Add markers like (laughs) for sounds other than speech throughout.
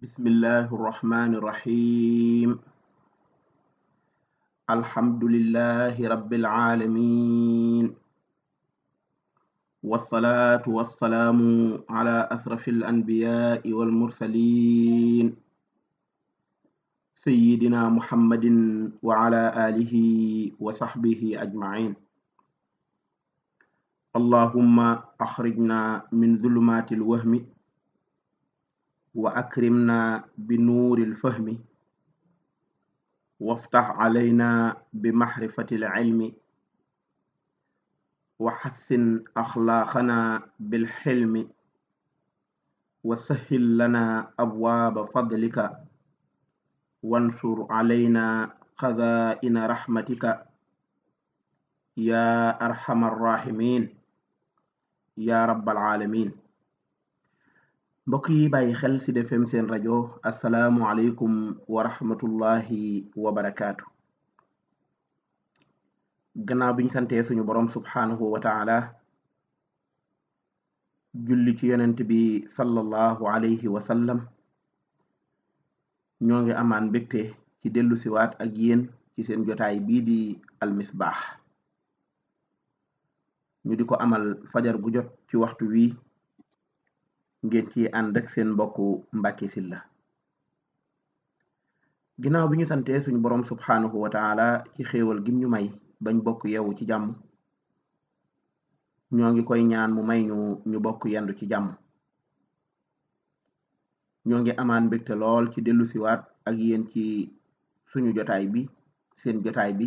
bismillahi irrahmani irrahim alhamdulillahi rabbil alamin wasalaatu wasalaamu ala asrafi alanbiyaai walmursalin sayidina muhammadin wa ala alihi wa saxbihi ajmain allahumma axrijna min zulumaati alwahmi وأكرمنا بنور الفهم وافتح علينا بمعرفة العلم وحسن أخلاقنا بالحلم وسهل لنا أبواب فضلك وانصر علينا خزائن رحمتك يا أرحم الراحمين يا رب العالمين mbokk yi bàyyi xel ci Sud seen rajo asalaamualeykum wa rahmatullahi wa barakaatu gannaaw bi santee suñu borom subhaanahu wa taala julli ci yonent bi sallallahu alayhi wa sallam ñoo ngi amaan mbégte ci dellu siwaat ak yéen ci seen jotaay bii di almisbaax ñu di ko amal fajar gu jot ci waxtu wi ngir ci àndak seen mbokku Mbàkke Sylla ginaaw bi ñu santee suñu boroom subxaanahu wa taala ci xéewal gim ñu may bañ bokk yewu ci jàmm ñoo ngi koy ñaan mu may ñu ñu bokk yendu ci jàmm ñoo ngi amaan mbégte lool ci dellu siwaat ak yéen ci suñu jotaay bi seen jotaay bi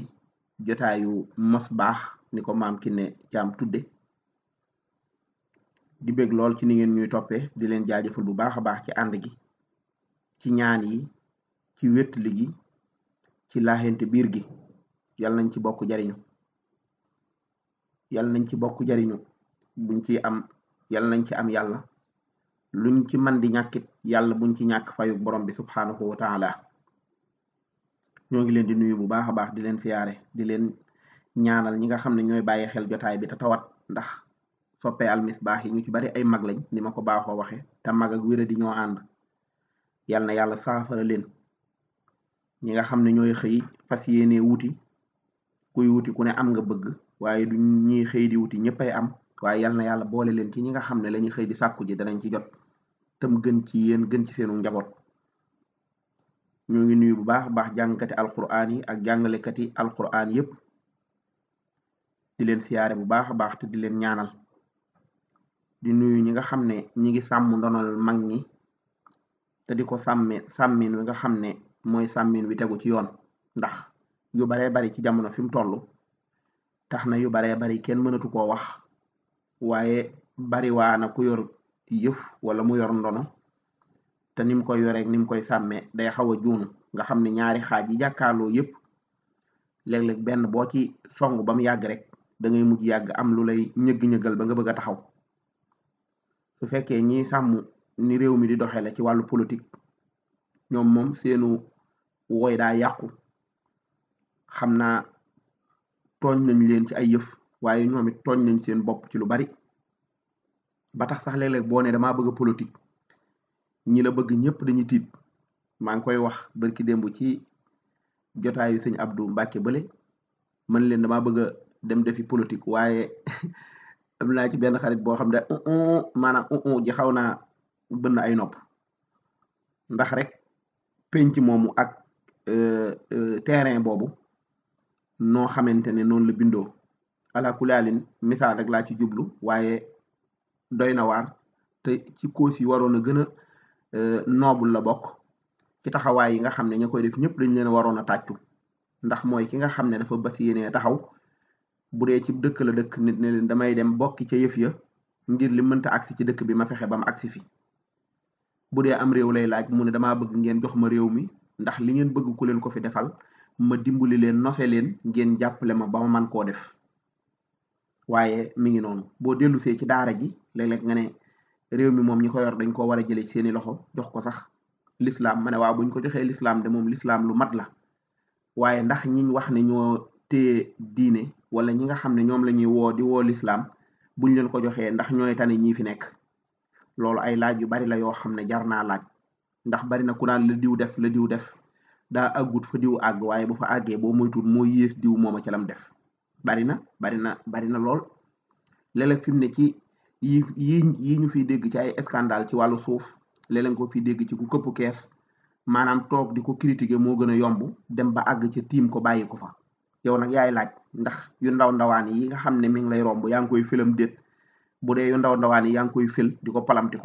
jotaayu mos baax ni ko maam Kiné Caam tudde di bég lool ci ni ngeen ñuy toppe di leen jaajëfal bu baax baax ci ànd gi ci ñaan yi ci wétli gi ci laaxente biir gi yal nañ ci bokk jariñu yal nañ ci bokk jariñu buñ ci am yal nañ ci am yàlla luñ ci man di ñàkkit yàlla buñ ci ñàkk fayu borom bi subhaanahu wa taala ñoo ngi leen di nuyu bu baax a baax di leen siyaare di leen ñaanal ñi nga xam ne ñooy bàyyi xel jotaay bi te tawat ndax soppee baax yi ñu ci bari ay mag lañ ni ma ko baaxoo waxe te mag ak a di ñoo ànd yal na yàlla saafara leen ñi nga xam ne ñooy xëy fas yéene wuti kuy wuti ku ne am nga bëgg waaye du ñuy xëy di wuti ñëppay am waaye yal na yàlla boole leen ci ñi nga xam ne lañuy xëy di sàkku ji danañ ci jot tam gën ci yéen gën ci seenu njaboot ñoo ngi nuyu bu baax baax jàngkati alquran yi ak jàngalekati alquran yépp di leen siyaare bu baax a baax te di leen ñaanal di nuyu ñi nga xam ne ñi ngi sàmm ndonal mag ñi te di ko sàmme sàmmin wi nga xam ne mooy sàmmin wi tegu ci yoon ndax yu baree bari ci jamono fi mu toll tax na yu baree bari kenn mënatu koo wax waaye bari waa na ku yor yëf wala mu yor ndono te nim koy yoreeg nim koy sàmme day xaw a juunu nga xam ne ñaari xaaj yi jàkkaarloo yëpp léeg-léeg benn boo ci song ba mu yàgg rek da ngay mujj yàgg am lu lay ñëgg-ñëggal ba nga bëgg a taxaw bu fekkee ñiy sàmm ni réew mi di doxee ci wàllu politique ñoom moom seenu woy daa yàqu xam naa tooñ nañ leen ci ay yëf waaye ñoom it tooñ nañ seen bopp ci lu bari ba tax sax léeg-léeg boo ne damaa bëgg politique ñi la bëgg ñëpp dañuy tiit maa ngi koy wax barki démb ci jotaayu sëñ Abdou Mbacke bële mën leen damaa bëgg a dem defi politique waaye (laughs) am naa ci benn xarit boo xam ne maanaam ji xaw naa bënn ay nopp ndax rek penc moomu ak euh, euh, terrain boobu noo xamante ne noonu la bindoo ala kulaalin misaal rek laa ci jublu waaye doy na waar te ci cause yi waroon a gën a euh, noobul la bokk ci taxawaay yi nga xam ne ña koy def ñëpp dañ leen waroon a tàccu ndax mooy ki nga xam ne dafa bas yéenee taxaw bu dee ci dëkk la dëkk nit na leen damay dem bokki ca yëf ya ngir li mënta agsi ci dëkk bi ma fexe ba mu agsi fi bu dee am réew lay laaj mu ne damaa bëgg ngeen jox ma réew mi ndax li ngeen bëgg ku leen ko fi defal ma dimbali leen nose leen ngeen jàppale ma ba ma man koo def waaye mi ngi noonu boo dellusee ci daara ji léeg-léeg nga ne réew mi moom ñi ko yor dañ ko war a jëlee ci seeni loxo jox ko sax lislaam ma ne waaw buñ ko joxee lislaam de moom lislaam lu mat la waaye ndax ñiñ wax ne ñoo téye diine wala ñi nga xam ne ñoom la ñuy woo di woo lislaam buñ leen ko joxee ndax ñooy tane ñii fi nekk loolu ay laaj yu bari la yoo xam ne jar naa laaj ndax bari na ku naan la diw def la diw def daa àggut fa diw àgg waaye bu fa àggee boo moytul moo yées diw mooma ca lam def bari na bari na bari na lool léeg-léeg fi mu ne ci yi yi yi ñu fiy dégg ci ay scandale ci wàllu suuf léeg ko fiy dégg ci ku këpp kees maanaam toog di ko critiquer moo gën a yomb dem ba àgg ca tiim ko bàyyi ko fa yow nag yaay laaj ndax yu ndaw ndawaan yi nga xam ne mi ngi lay romb yaa ngi koy filam déet bu dee yu ndaw ndawaan yi yaa ngi koy fil di ko palamti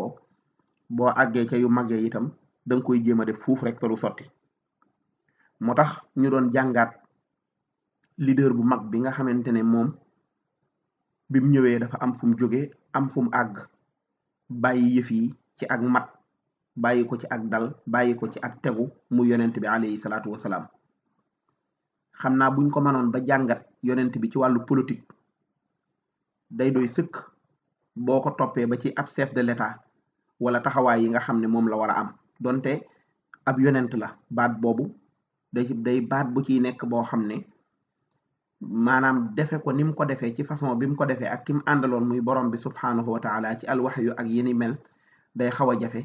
boo àggee ca yu màggee itam danga koy jéem a def fuuf rek te du sotti moo tax ñu doon jàngaat leader bu mag bi nga xamante ne moom bi mu ñëwee dafa am fu mu jóge am fu mu àgg bàyyi yëf ci ag mat bàyyi ko ci ak dal bàyyi ko ci ak tegu mu yonent bi alayhi salaatu wasalaam xam naa buñ ko mënoon ba jàngat yonent bi ci wàllu politique day doy sëkk boo ko toppee ba ci ab chef de l'état wala taxawaay yi nga xam ne moom la war a am donte ab yonent la baat boobu day day baat bu ciy nekk boo xam ne maanaam defee ko ni mu ko defee ci façon bi mu ko defee ak ki mu àndaloon muy borom bi subhaanahu wa taala ci alwaxyu ak yeni mel day xaw a jafe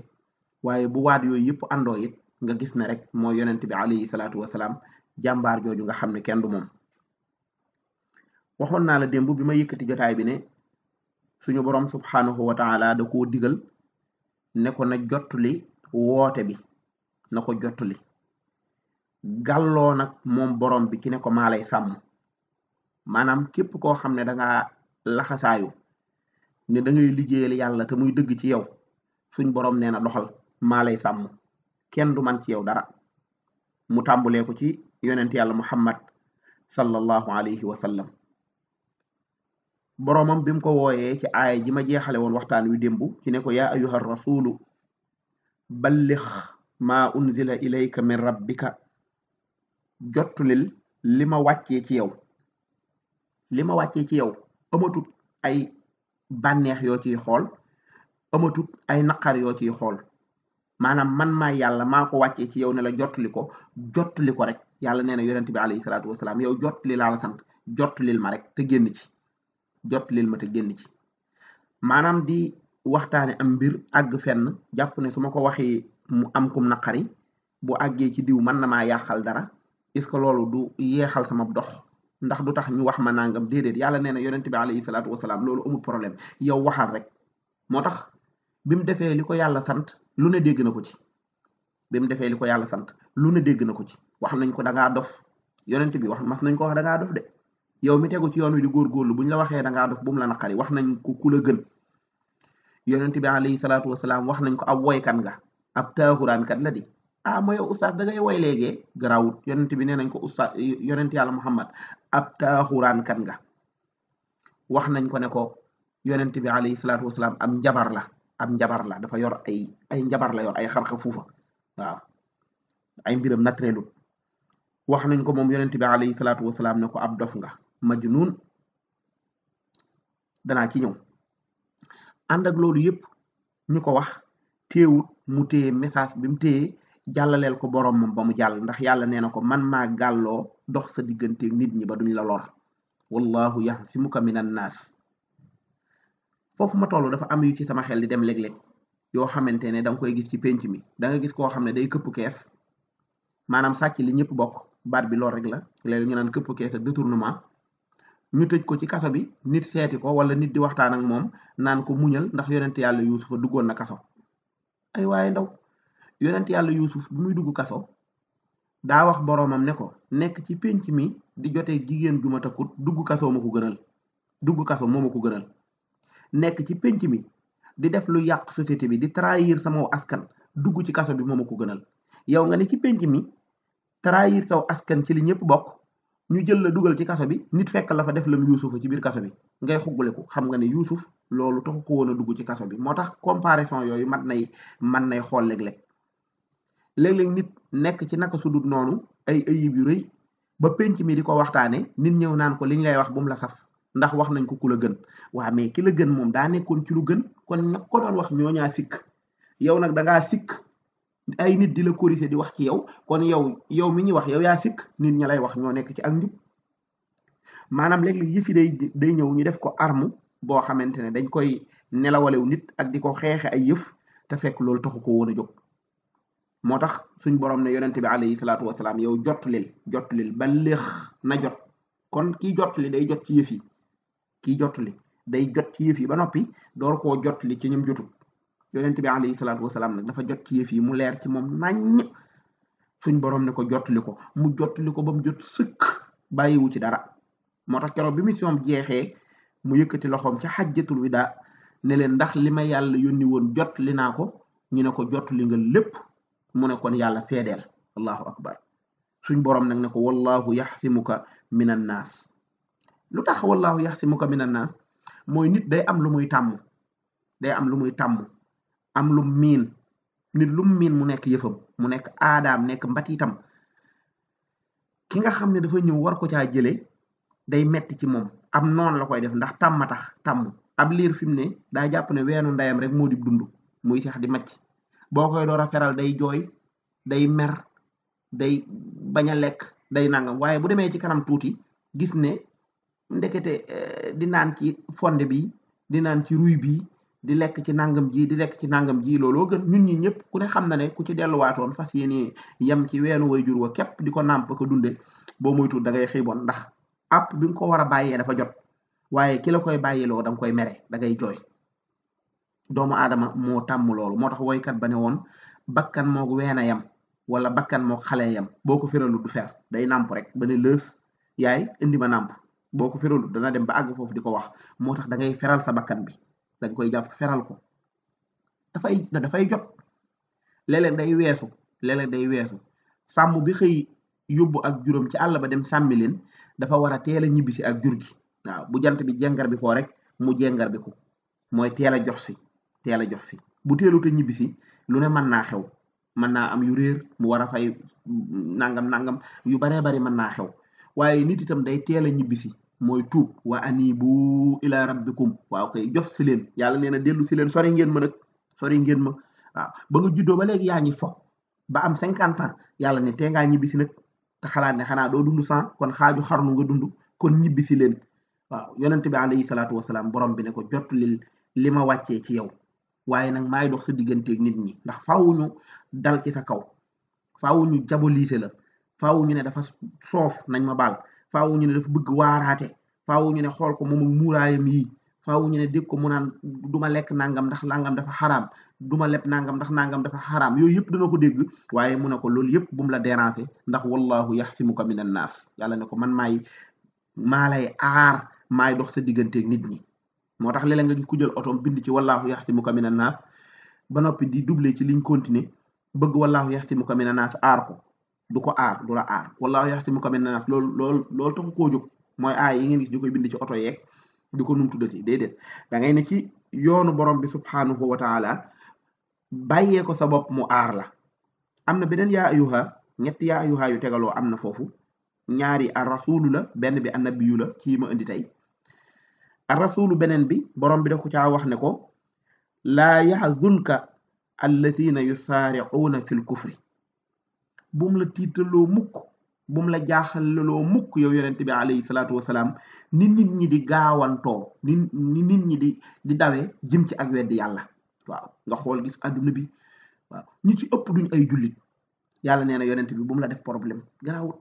waaye bu waat yooyu yëpp àndoo it nga gis ne rek moo yonent bi alayhi salaatu wasalaam jàmbaar jooju nga xam ne kenn du moom waxoon naa la démb bi ma yëkkati jotaay bi ne suñu borom subhanahu wa taala da koo digal ne ko na jottali woote bi na ko jottali gàlloo nag moom borom bi ci ne ko maa lay sàmm maanaam képp koo xam ne danga laxasaayu ne da ngay liggéeyal yàlla te muy dëgg ci yow suñ borom nee na doxal maalay lay sàmm kenn du man ci yow dara mu tàmbulee ci yonent yàlla muhammad sallallahu alayhi wa sallam boroomam bi mu ko wooyee ci aaya ji ma jeexale woon waxtaan wi démb ci ne ko yaa ayuha rasulu ballix maa unzila ilayka min rabbika jottulil li ma wàccee ci yow li ma wàccee ci yow amatut ay bànneex yoo ci xool amatut ay naqar yoo ci xool maanaam man ma yàlla maa ko wàccee ci yow ne la jottuli ko ko rek yàlla nee na yonent bi alayhi salaatu wasalaam yow jot li laa la sant jot lil ma rek te génn ci jot lil ma te génn ci maanaam di waxtaane am mbir àgg fenn jàpp ne su ma ko waxee mu am kum naqari boo àggee ci diw man na maa yàqal dara est-ce que loolu du yeexal sama dox ndax du tax ñu wax ma nangam déedéet yàlla nee na yonent bi alayhi salaatu wasalaam loolu amul problème yow waxaal rek moo tax bi mu defee li ko yàlla sant lu ne dégg na ko ci bi defee li ko yàlla sant lu ne dégg na ko ci wax nañ ko da dof yonent bi wax mas nañ ko wax da dof de yow mi tegu ci yoon wi di góorgóorlu buñ la waxee da ngaa dof bu mu wax nañ ko ku la gën bi alayhi salaatu salaam wax nañ ko ab woykan nga ab taaxuraankat la di ah mooy oustaz da ngay woy léegi garaawut yonent bi nee nañ ko oustaz yonent yàlla muhammad ab taaxuraankat nga wax nañ ko ne ko yonent bi alayhi salaatu wasalaam am njabar la am njabar la dafa yor ay ay njabar la yor ay xarxa fuufa waaw ay mbiram natreelut wax nañ ko moom yonent bi alayhi salaatu wasalaam ne ko ab dof nga majnuun danaa ci ñëw ànd loolu yépp ñu ko wax téewut mu téye message bi mu téye jàllaleel ko boroomam ba mu jàll ndax yàlla nee na ko man maa gàlloo dox sa diggante nit ñi ba duñ la lor wallahu yaxsimuka min annaas foofu ma toll dafa am yu ci sama xel di dem léeg-léeg yoo xamante ne danga koy gis ci pénc mi da gis koo xam ne day këpp kees maanaam sàcc li ñëpp bokk baat bi loolu rek la léegi ñu naan këpp kees ak détournement ñu tëj ko ci kaso bi nit seeti ko wala nit di waxtaan ak moom naan ko muñal ndax yonent yàlla yuusufa duggoon na kaso ay ndaw yonent yàlla yuusuf bu muy dugg kaso daa wax boroomam ne ko nekk ci pénc mi di jotee jigéen ju ma dugg kaso ma ko gënal dugg kaso moom ma ko gënal nekk ci pénc mi di def lu yàq société bi di trahir sama askan dugg ci kaso bi moo ma ko gënal yow nga ne ci pénc mi trahir saw askan ci li ñëpp bokk ñu jël la dugal ci kaso bi nit fekk la fa def lam yuusufa ci biir kaso bi ngay xugguleku xam nga ne yuusuf loolu taxu ko woon a dugg ci kaso bi moo tax comparaison yooyu man nay man nay xool léeg-léeg léeg nit nekk ci naka sudut noonu ay ayib yu rëy ba penc mi di ko waxtaane nit ñëw naan ko li lay wax bu la saf ndax wax nañ ko ku a gën waa mais ki la gën moom daa nekkoon ci lu gën kon ña ko doon wax ñoo ñaa sikk yow nag dangaa sikk ay nit di la corriger di wax ci yow kon yow yow mi ñuy wax yow yaa sikk nit ñi lay wax ñoo nekk ci ak njub maanaam léeg-léeg yëfi day day ñëw ñu def ko arme boo xamante ne dañ koy nelawalew nit ak di ko xeexe ay yëf te fekk loolu taxu ko woon a jóg moo tax suñ borom ne yonente bi alayhi salaatu wasalaam yow jotlil jotlil ba léex na jot kon kii jotli day jot ci yëf yi kii jotli day jot ci yëf yi ba noppi door koo jotli ci ñum jotut yonent bi alayhi salaatu wasalaam nag dafa jot ci yëf mu leer ci moom nañ suñ borom ne ko jottali ko mu jottali ko ba mu jot sëkk bàyyiwu ci dara moo tax keroog bi mission jeexee mu yëkkati loxoom ca xajjatul wida ne leen ndax li ma yàlla yónni woon jot li naa ko ñu ne ko jot li nga lépp mu ne kon yàlla seedeel allahu akbar suñ borom nag ne ko wallahu yaxsimuka min an naas lu tax wallahu yaxsimuka min an naas mooy nit day am lu muy tàmm day am lu muy tàmm am lum miin nit lum miin mu nekk yëfam mu nekk aadaam nekk mbatiitam ki nga xam ne dafa ñëw war ko caa jëlee day metti ci moom am noonu la koy def ndax tàmm tax tàmm ab liir fi mu ne daa jàpp ne weenu ndeyam rek moo di dund muy seex di macc boo koy door a feral day jooy day mer day bañ a lekk day nangam waaye bu demee ci kanam tuuti gis ne ndekete eh, di naan ci fonde bi di naan ci ruy bi di lekk ci nangam ji di lekk ci nangam ji looloo gën ñun ñi ñëpp ku ne xam na ne ku ci delluwaatoon fas yéene yem ci weenu way jur wa képp di ko nàmp ko dunde boo moytu da ngay xiiboon ndax àpp bi nga ko war a bàyyee dafa jot waaye ki koy bàyyiloo da nga koy mere da ngay jooy doomu aadama moo tàmm loolu moo tax woykat ba ne woon bakkan moog ween a yem wala bakkan moog xale yam boo ko firalu du fer day nàmp rek ba ne lëf yaay indi ma nàmp boo ko firalu dana dem ba àgg foofu di ko wax moo tax da ngay feral sa bakkan bi dañ koy jàpp feral ko dafay dafay jot léeg day weesu léeg day weesu sàmm bi xëy yóbbu ak juróom ci àll ba dem sàmmi leen dafa war a teel a ñibbisi ak jur gi bu jant bi jengar bi rek mu jengar mooy teel a jox si teel a jox si bu teelut a ñibbisi lu ne mën naa xew mën naa am yu réer mu war a fay nangam nangam yu baree bari mën naa xew waaye nit itam day teel a ñibbisi mooy tuub wa anibu ila rabbikum waaw kay jof si leen yàlla nee na dellu si leen sori ngeen ma nag sori ngeen ma waaw ba nga juddoo ba léegi yaa ngi fo ba am cinquante ans yàlla ne tee ñibbi si nag te xalaat ne xanaa doo dund cent kon xaaju xarnu nga dund kon ñibbisi leen waaw yonente bi alayhi salaatu wasalaam borom bi ne ko jot li li ma wàccee ci yow waaye nag maay dox sa digganteeg nit ñi ndax faaw ñu dal ci sa kaw faaw ñu jaboliise la faaw ñu ne dafa nañ ma baal faawu ñu ne dafa bëgg waaraate faawu ñu ne xool ko moom ak muuraayam yii faawu ñu ne dégg ko mun a du ma lekk nangam ndax nangam dafa xaraam du ma leb nangam ndax nangam dafa xaraam yooyu yëpp dana ko dégg waaye mu ne ko loolu yëpp bu mu la déranger ndax wallahu yaxsimuka min annaas yàlla ne ko man maay maa lay aar maay dox sa digganteeg nit ñi moo tax léeg-léeg nga gis jël otoom bind ci wallahu yaxsimuka min annaas ba noppi di duble ci liñ continuer bëgg wallahu yaxsimuka min annaas aar ko du ko aar du la aar wallaahu yaxsimuka mina naas loolu lool loolu taxu koo jóg mooy aay yi ngeen gis ñu koy bind ci oto yeeg di ko num tuddati déedéet da ngay ne ci yoonu borom bi subhaanahu wa taala bàyyee ko sa bopp mu aar la am na beneen yaa ayuha ñetti yaa ayuha yu tegaloo am na foofu ñaari ar rasulu la benn bi annabiyu la kii ma indi tey ar rasulu beneen bi borom bi da ku caa wax ne ko la laa yaxzunka allazina yusaaricuuna fi l kufri bum la tiitaloo mukk bum la jaaxaleloo mukk yow yonent bi alayhi salaatu wasalaam ni nit ñi di gaawantoo nit ñi di di dawee jëm ci ak weddi yàlla waaw nga xool gis àdduna bi waaw ñi ci ëpp duñ ay jullit yàlla nee na yonent bi bu la def problème garaawut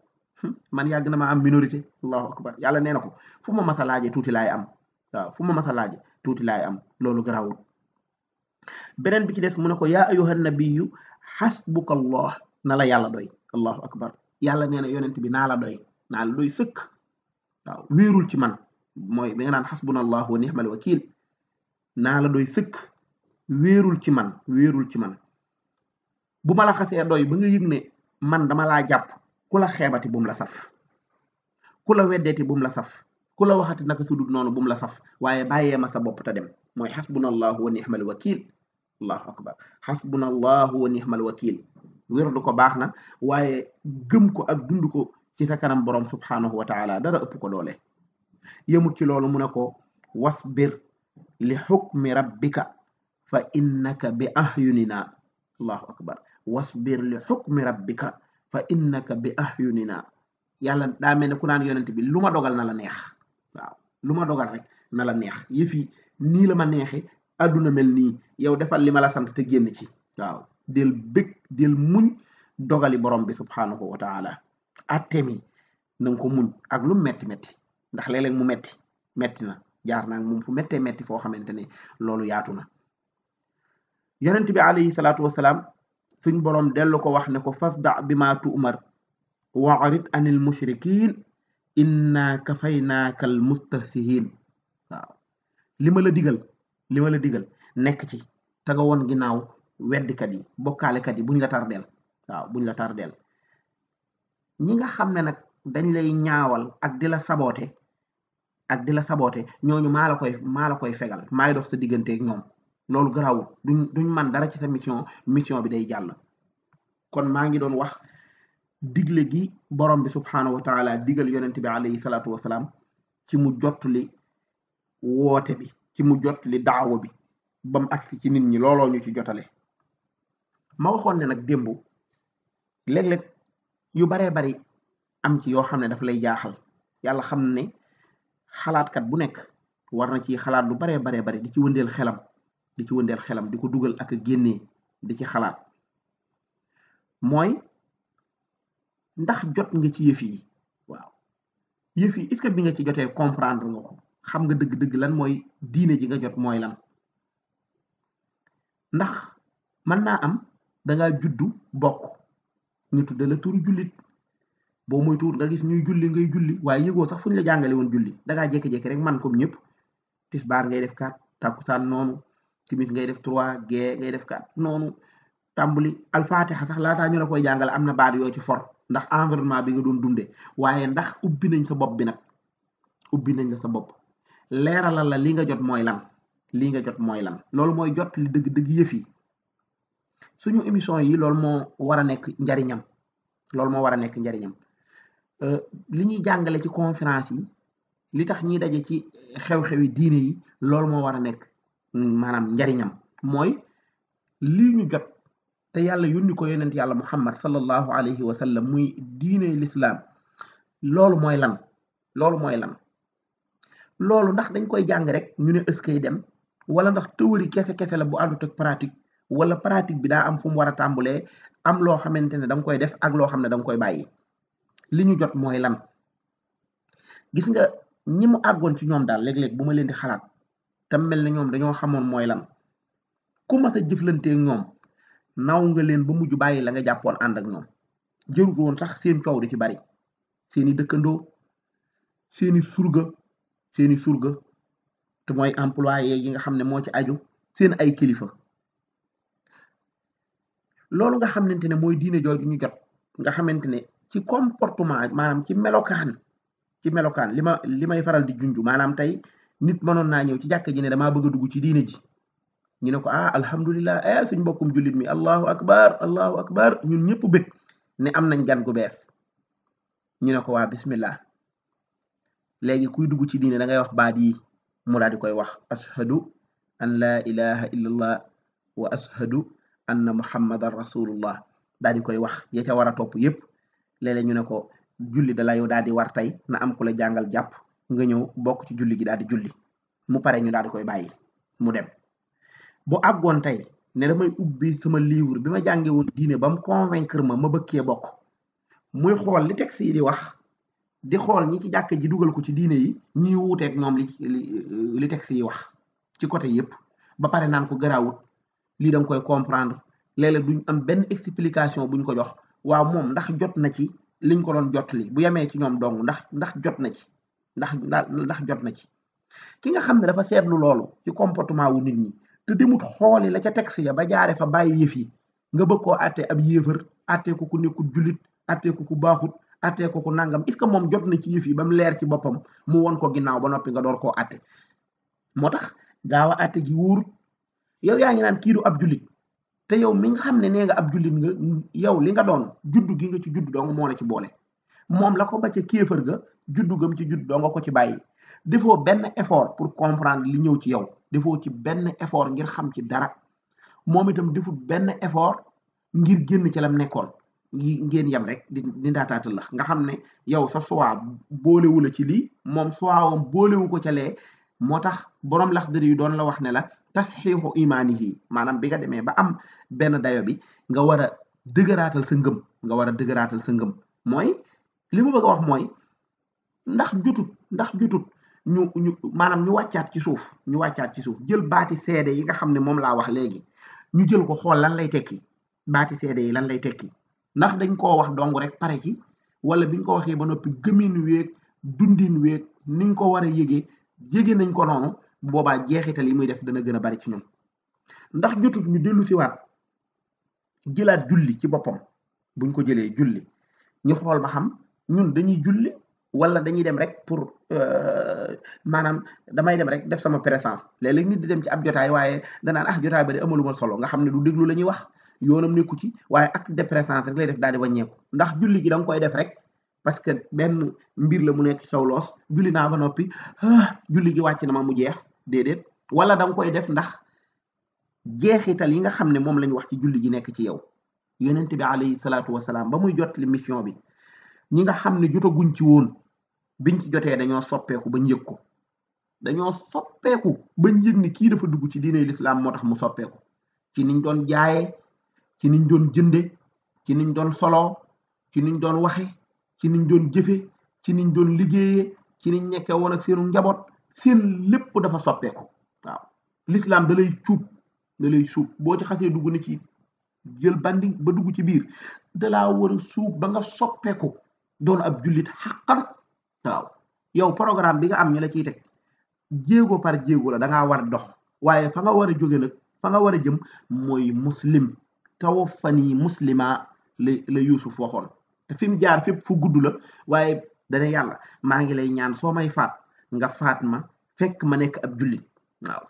man yàgg na am minorité allahu nee na ko fu ma laaje tuuti laay am fu ma masa laaje tuuti laay am loolu garaawut beneen bi ci des mu ne ko yaa ayuha nabiyu xasbuka allah na la yàlla doy allahu akbar yàlla nee na yonent bi naa la doy naa la sëkk waaw wéerul ci man mooy bi nga naan xasbunallahu wa nixmal wakil naa la doy sëkk wéerul ci man wéerul ci man bu ma xasee doy ba nga yëg ne man dama laa jàpp ku xeebati bum la saf kula la weddeeti bum la saf ku la waxati naka sudut noonu bum la saf waaye bàyyee ma sa bopp te dem mooy xasbunallahu wa nixmal wakil allahu akbar xasbunallahu wa nixmal wakil wérdu ko baax na waaye gëm ko ak dund ko ci sa kanam borom subhaanahu wa taala dara ëpp ko doole yëmut ci loolu mu ne ko wasbir li xukmi rabbika fa innaka bi ahyunina allahu akbar wasbir li xukmi rabbika fa innaka bi ahyunina yàlla daa mel ne ku naan yonent bi lu ma dogal na la neex waaw lu ma dogal rek nala neex yëf yi nii la ma neexe àdduna mel ni yow defal li ma la sant te génn ci del bëgg del muñ dogali borom bi subhaanahu wa taala atteem ko muñ ak lu metti metti ndax léeg-léeg mu metti metti na jaar naag moom fu mettee metti foo xamante ne loolu yaatu na yonent bi alayhi salaatu wasalaam suñ borom dellu ko wax ne ko fasda bi ma tu'mar warit anil mushrikin inna kafaynaaka al mustahzihin waaw li la digal li ma la digal nekk ci taga woon ginnaaw weddikat yi bokkaalekat yi buñ la tardeel waaw buñ la tardeel ñi nga xam ne nag dañ lay ñaawal ak di la saboote ak di la saboote ñooñu maa la koy maa la koy fegal maay dox sa digganteeg ñoom loolu garawul duñ duñ man dara ci sa mission mission bi day jàll kon maa ngi doon wax digle gi borom bi subhaanahu wa taala digal yonent bi alayhi salaatu wasalaam ci mu jot woote bi ci mu jot li daawa bi ba mu ci nit ñi looloo ñu ci jotale ma waxoon ne nag démb léeg-léeg yu baree bari am ci yoo xam ne daf lay jaaxal yàlla xam ne xalaatkat bu nekk war na ci xalaat lu baree baree bari di ci wëndeel xelam di ci wëndeel xelam di ko dugal ak génnee di ci xalaat mooy ndax jot nga ci yëf yi waaw yëf yi est-ce que bi nga ci jotee comprendre nga ko xam nga dëgg-dëgg lan mooy diine ji nga jot mooy lan ndax mën naa am dangaa juddu bokk ñu tudde la turu jullit boo muy tuur nga gis ñuy julli ngay julli waaye yëgoo sax fu ñu la jàngale woon julli dangaa jékki-jékki rek man comme ñëpp tisbaar ngay def kaat tàkkusaan noonu timis ngay def trois gue ngay def kaat noonu tàmbali alfaatixa sax laataa ñu la koy jàngale am na baat yoo ci for ndax environnement bi nga doon dunde waaye ndax ubbi nañ sa bopp bi nag ubbi nañ la sa bopp leeralal la li nga jot mooy lan li nga jot mooy lan loolu mooy jot li dëgg-dëgg yi suñu émission yi loolu moo war a nekk njariñam loolu moo war a nekk njariñam euh, li ñuy jàngale ci conférence yi li tax ñuy daje ci xew-xewi diine yi loolu moo war a nekk maanaam njariñam mooy lii ñu jot te yàlla yónni ko yonent yàlla muhammad sallallahu alayhi wa sallam muy diine lislaam loolu mooy lan loolu mooy lan loolu ndax dañ koy jàng rek ñu ne ëskay dem wala ndax théorie kese kese la bu àndut ak pratique wala pratique bi daa am fu mu war a tàmbulee am loo xamante ne da koy def ak loo xam ne da koy bàyyi li ñu jot mooy lan gis nga ñi mu àggoon ci ñoom daal léeg-léeg bu ma leen di xalaat te mel na ñoom dañoo xamoon mooy lan ku mas a ñoom naw nga leen ba mujj bàyyi la nga jàppoon ànd ak ñoom jërut woon sax seen coow di ci bari seeni dëkkandoo seeni surga seeni surga te mooy employé yi nga xam ne moo ci aju seen ay kilifa loolu nga xamante ne mooy diine jooju ñu jot nga xamante ne ci comportement maanaam ci melokaan ci melokaan li ma li may faral di junj maanaam tey nit mënoon naa ñëw ci jàkka ji ne damaa bëgg a dugg ci diine ji ñu ne ko ah alhamdulilah eh suñ mbokkum jullit mi allahu akbar allahu akbar ñun ñëpp bëgg ne am nañ gan gu bees ñu ne ko waa bismillah léegi kuy dugg ci diine da ngay wax baat yi mu di koy wax ashhadu an laa ilaha illallah wa ashhadu anna muhammadan rasulullah daal di koy wax ya ca war a topp yépp léeg ñu ne ko julli da la yow daal di war tey na am ku la jàngal jàpp nga ñëw bokk ci julli gi daal di julli mu pare ñu daal di koy bàyyi mu dem boo àggoon tey ne damay ubbi sama livre bi ma jànge diine ba mu convaincre ma ma bëkkee bokk muy xool li texte yi di wax di xool ñi ci jàkk ji dugal ko ci diine yi ñiy wuuteeg ñoom li li texte yi wax ci côté yépp ba pare naan ko garaawut lii da nga koy comprendre léeg-léeg duñ am benn explication buñ ko jox waaw moom ndax jot na ci liñ ko doon jot bu yemee ci ñoom dong ndax ndax jot na ci ndax ndax jot na ci ki nga xam ne dafa seetlu loolu ci comportement wu nit ñi te demut xooli la ca texte ya ba jaaree fa bàyyi yëf yi nga bëgg koo àttee ab yéefar àttee ko ku nekkul jullit àttee ko ku baaxut àttee ko ku nangam est-ce que moom jot na ci yëf yi ba mu leer ci boppam mu won ko ginnaaw ba noppi nga door ko àtte moo tax gaaw a yow yaa ngi naan kii ab jullit te yow mi nga xam ne nee nga ab jullit nga yow li nga doon juddu gi nga ci juddu dong moo la ci boole moom la ko ba ca kéefër ga juddu gam ci juddu dong ko ci bàyyi defoo benn effort pour comprendre li ñëw ci yow defoo ci benn effort ngir xam ci dara moom itam defut benn effort ngir génn ci lam nekkoon ngeen yem rek di di ndaataatal nga xam ne yow sa suwaa boolewula ci lii moom suwaawam boolewu ko ca lee moo tax borom laxdari yu doon la wax ne la imaan imaanihi maanaam bi nga demee ba am benn dayo bi nga war a dëgëraatal sa ngëm nga war a dëgëraatal sa ngëm mooy li mu bëgg a wax mooy ndax jutut ndax jutut ñu ñu maanaam ñu wàccaat ci suuf ñu wàccaat ci suuf jël baati seede yi nga xam ne moom laa wax léegi ñu jël ko xool lan lay tekki baati seede yi lan lay tekki ndax dañ koo wax dong rek pare ci wala biñ ko waxee ba noppi gëmin weeg dundin weeg niñ ko war a yëgee jege nañ ko noonu bu boobaa jeexital yi muy def dana gën a bari ci ñun ndax jotut dellu si waat jëlaat julli ci boppam buñ ko jëlee julli ñu xool ma xam ñun dañuy julli wala dañuy dem rek pour euh, maanaam damay dem rek def sama présence léeg-léeg nit di dem ci ab jotaay waaye danaan ah jotaay ba de solo nga xam ne du déglu la ñuy wax yoonam nekku ci waaye acte de présence rek lay def daal di wàññeeku ndax julli gi da nga koy def rek parce que benn mbir la mu nekk saw loos julli naa ba noppi ah, julli gi wàcc na ma mu jeex déedéet wala da nga koy def ndax jeexital yi nga xam ne moom lañ wax ci julli gi nekk ci yow yonent bi alayhi salaatu wasalaam ba muy jot li mission bi ñi nga xam ne jotaguñ ci woon biñ ci jotee dañoo soppeeku bañ yëg ko dañoo soppeeku bañ yëg ni kii dafa dugg ci diine lislaam moo tax mu soppeeku ci niñ doon jaayee ci niñ doon jënde ci niñ doon solo ci niñ doon waxe ci niñ doon jëfe ci niñ doon liggéeyee ci niñ nekkee woon ak seenu njaboot seen lépp dafa soppeeku waaw l'islam da lay cuub da suub boo ci xasee dugg na ci jël bandi ba dugg ci biir dalaa war a suub ba nga soppeeku doon ab jullit xaqan waaw yow programme bi am ñu la ciy teg jéego par jéego la da ngaa war a dox waaye fa nga war a jóge nag fa nga war a jëm mooy muslim tawaffani muslima la la Yuusuf waxoon te fi mu jaar fépp fu gudd la waaye dana yàlla maa ngi lay ñaan soo may faat nga faat ma fekk ma nekk ab julit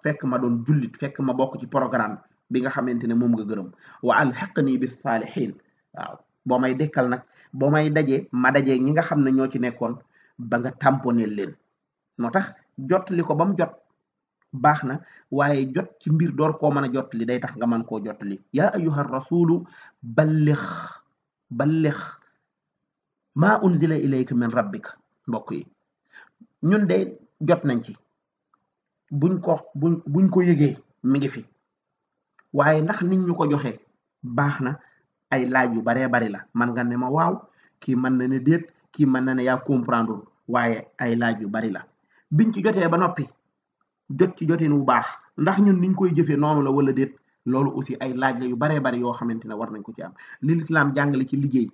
fekk ma doon jullit fekk ma bokk ci programme bi nga xamante ne moom nga gërëm wa alhaqni bis saalihin waaw boo may dekkal nag boo may daje ma daje ñi nga xam ne ñoo ci nekkoon ba nga tamponné leen moo tax jot li ko ba mu jot baax na waaye jot ci mbir door koo mën a jot li day tax nga mën koo jot li yaa ayyuha rasulu balligh balligh un maa unzila ilayka min rabbika mbokk yi ñun de jot nañ ci buñ ko buñ buñ ko yëgee mi ngi fi waaye ndax nit ñu ko joxe baax na ay laaj yu baree bari la man nga ne ma waaw kii mën na ne déet kii mën na ne yaa comprendre waaye ay laaj yu bari la biñ ci jotee ba noppi jot ci jotin wu baax ndax ñun niñ koy jëfee noonu la wala déet loolu aussi ay laaj la yu baree bari yoo xamante ne war nañ ko ci am li lislaam jàngale ci liggéey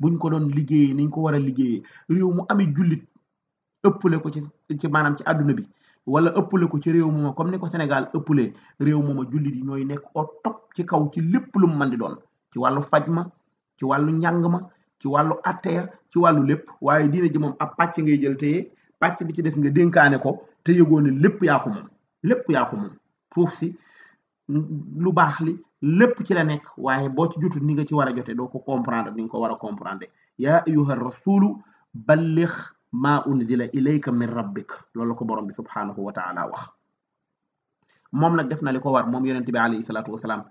bu buñ ko doon liggéeyee nañ ko war a liggéeyee réew mu ami jullit ëppale ko ci ci maanaam ci àdduna bi wala ëppale ko ci réew mooma comme ni ko Sénégal ëppalee réew mooma jullit yi ñooy nekk au top ci kaw ci lépp lu mu mën di doon ci wàllu faj ma ci wàllu njàng ma ci wàllu atteya ci wàllu lépp waaye diine ji moom ab pàcc ngay jël téye pàcc bi ci des nga dénkaane ko te yëgoon ne lépp yaa moom lépp yaa ko moom foofu si lu baax li lépp ci la nekk waaye boo ci jotul ni nga ci war a jote doo ko comprendre ni nga ko war a comprendre yaa ayyuha rasulu balligh ma unzila ilayka min rabbik loolu la ko borom bi subhaanahu wa taala wax moom nag def na li ko war moom yonente bi alayhi salaatu wasalaam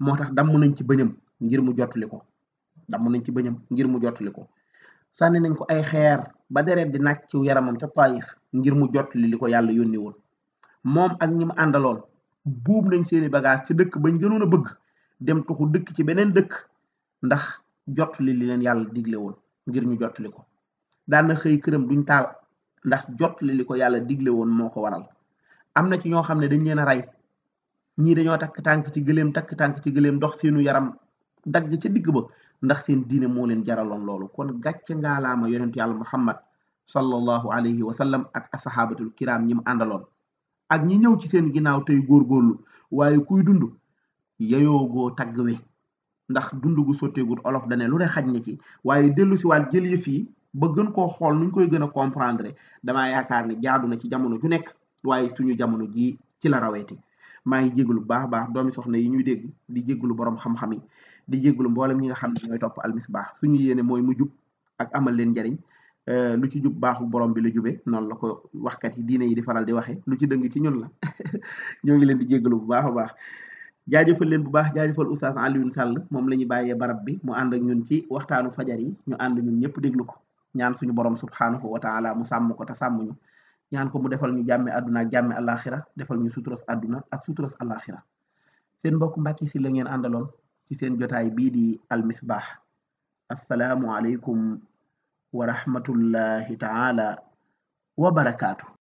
moo tax dammu nañ ci bëñam ngir mu jottali ko damm nañ ci bëñam ngir mu jottali ko sànni nañ ko ay xeer ba deret di naaj ci yaramam ca Taayif ngir mu jottali li ko yàlla yónni woon moom ak ñi mu àndaloon buub nañ seeni bagage ci dëkk bañ gënoon a bëgg dem tuxu dëkk ci beneen dëkk ndax jotali li leen yàlla digle woon ngir ñu jotali ko daal na xëy këram duñ taal ndax jotali li ko yàlla digle woon moo ko waral am na ci ñoo xam ne dañ leen a rey ñii dañoo takk tànk ci gëléem takk tànk ci gëléem dox seenu yaram dagg ca digg ba ndax seen diine moo leen jaraloon loolu kon gàcce ngaalaama yonent yàlla muhammad sallallahu alayhi wa sallam ak asxaabatul kiram ñi mu àndaloon ak ñi ñëw ci seen ginnaaw góor góorgóorlu waaye kuy dund yeyoo goo tagg we ndax dund gu sotteegut olof dane lu ne xaj na ci waaye dellu si jël yëf yi ba gën koo xool nuñ koy gën a comprendre damaa yaakaar ne jaadu na ci jamono ju nekk waaye suñu jamono jii ci la raweeti maa ngi jégalu bu baax baax doomi soxna yi ñuy dégg di jégalu borom xam-xam yi di jégalu mboolem ñi nga xam ne ñooy topp almisbaax suñu yéene mooy mu jub ak amal leen njariñ Euh, lu ci jub baaxu borom bi la jube noonu la ko waxkat yi diine yi di faral di waxee lu ci dëng ci ñun la (laughs) ñoo ngi leen di jéggalu bu baax a baax jaajëfal leen bu baax jaajëfal oustaz Alioune Sall moom la ñu bàyyee barab bi mu ànd ak ñun ci waxtaanu fajar yi ñu ànd ñëpp déglu ko ñaan suñu borom subhaanahu wa taala mu sàmm ko te sàmm ñaan ko mu defal ñu jàmme àdduna ak jàmme alaxira defal ñu suturas àdduna ak suturas alaxira seen mbokk Mbàkke Sylla la ngeen àndaloon ci seen jotaay bii di almisbaax asalaamualeykum wa rahmatullahi ta'ala wa barakaatu